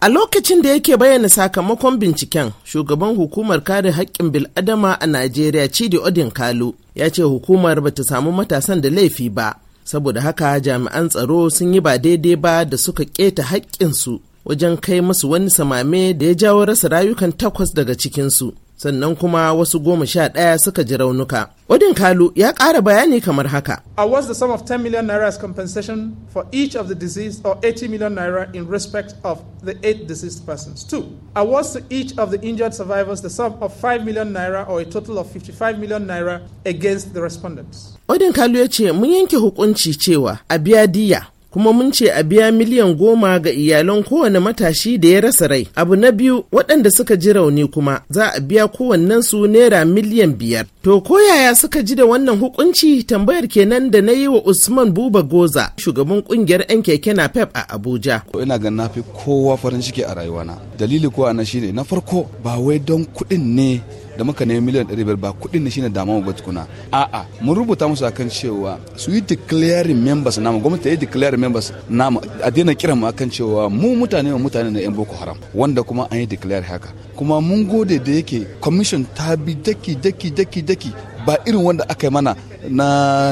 A lokacin da yake bayyana sakamakon binciken, shugaban hukumar kare haƙƙin bil'adama a Najeriya Chidi Odin Kalu ya ce hukumar bata samu matasan da laifi ba, saboda haka jami'an tsaro sun yi ba daidai ba da suka keta haƙƙinsu wajen kai masu wani samame da ya jawo rasa rayukan takwas daga cikinsu. sannan kuma wasu goma sha ɗaya suka ji raunuka. Odin Kalu ya ƙara bayani kamar haka. Awards the sum of 10 million naira as compensation for each of the deceased or 80 million naira in respect of the eight deceased persons. Two, awards to each of the injured survivors the sum of 5 million naira or a total of 55 million naira against the respondents. Odin Kalu ya ce mun yanke hukunci cewa a biya diya kuma mun ce a biya miliyan goma ga iyalan kowane matashi da ya rasa rai abu na biyu waɗanda suka ji rauni kuma za a biya kowannen su naira miliyan biyar to ko yaya suka ji da wannan hukunci tambayar kenan da na yi wa usman buba goza shugaban kungiyar yan keke na pep a abuja Ko ina ga nafi kowa farin ciki a rayuwana dalili kuwa na shine na farko ba wai don kuɗin ne da muka nemi miliyan 500 ba kudin ne shine damuwa ba tukuna a'a mun rubuta musu akan cewa su yi declaring members namu gwamnati yi declaring members namu a daina kiran mu akan cewa mu mutane mu mutane na yan boko haram wanda kuma an yi declare haka kuma mun gode da yake commission ta bi daki daki daki daki ba irin wanda aka yi mana na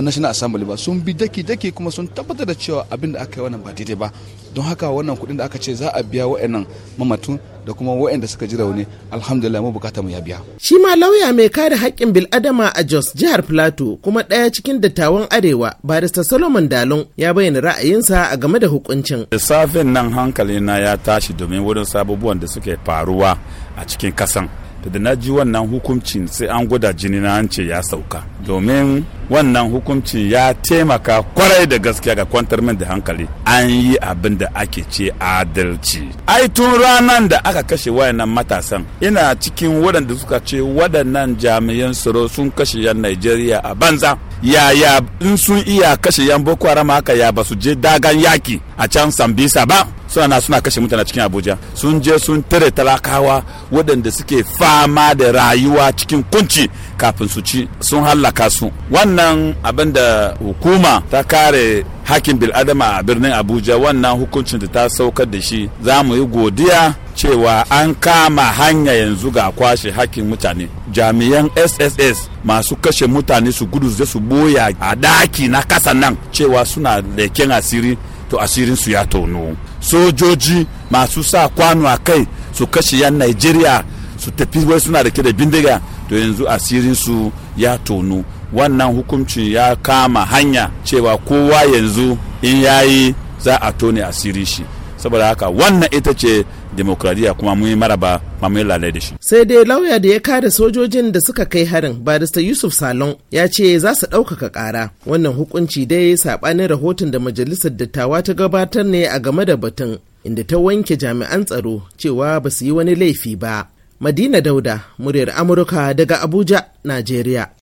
national assembly ba sun bi daki daki kuma sun tabbatar da cewa abin da aka yi wannan ba daidai ba don haka wannan kuɗin da aka ce za a biya wa'annan mamatu da kuma waɗanda suka ji rauni alhamdulillah mu bukata mu ya biya shi ma lauya mai kare haƙƙin bil'adama a Jos jihar Plateau kuma ɗaya cikin dattawan arewa barista Solomon Dalon ya bayyana ra'ayinsa a game da hukuncin da nan nan hankalina ya tashi domin wurin sabubuwan da suke faruwa a cikin kasan da na ji wannan hukuncin sai an gwada jini na an ce ya sauka domin wannan hukuncin ya taimaka kwarai da gaskiya ga kwantar min da hankali an yi abin da ake ce adalci ai tun ranar da aka kashe wayannan matasan ina cikin waɗanda suka ce waɗannan jami'an tsaro sun kashe yan Najeriya a banza yaya in sun iya kashe yan Boko Haram haka ya basu je dagan yaki a can Sambisa ba suna na suna kashe mutane cikin abuja sun je sun tare talakawa waɗanda suke fama da rayuwa cikin kunci kafin su ci sun hallaka su wannan abin da hukuma ta kare hakin bil'adama a birnin abuja wannan hukuncin da ta saukar da shi za mu yi godiya cewa an kama hanya yanzu ga kwashe hakin mutane jami'an sss masu kashe mutane su gudu su boya a daki na kasa nan cewa suna leken asiri to asirin su ya tono sojoji masu sa kwano a kai su kashe yan Najeriya su tafi wai suna da da bindiga to yanzu asirin su ya tono wannan hukuncin ya kama hanya cewa kowa yanzu in yayi za a tone asirin shi saboda haka wannan ita ce demokradiyya kuma mun yi maraba kuma mun lalai da shi. sai dai lauya da ya kare sojojin da suka kai harin barista yusuf salon ya ce za su ɗaukaka ƙara wannan hukunci dai saɓanin rahoton da majalisar dattawa ta gabatar ne a game da batun inda ta wanke jami'an tsaro cewa ba su yi wani laifi ba madina dauda muryar amurka daga abuja najeriya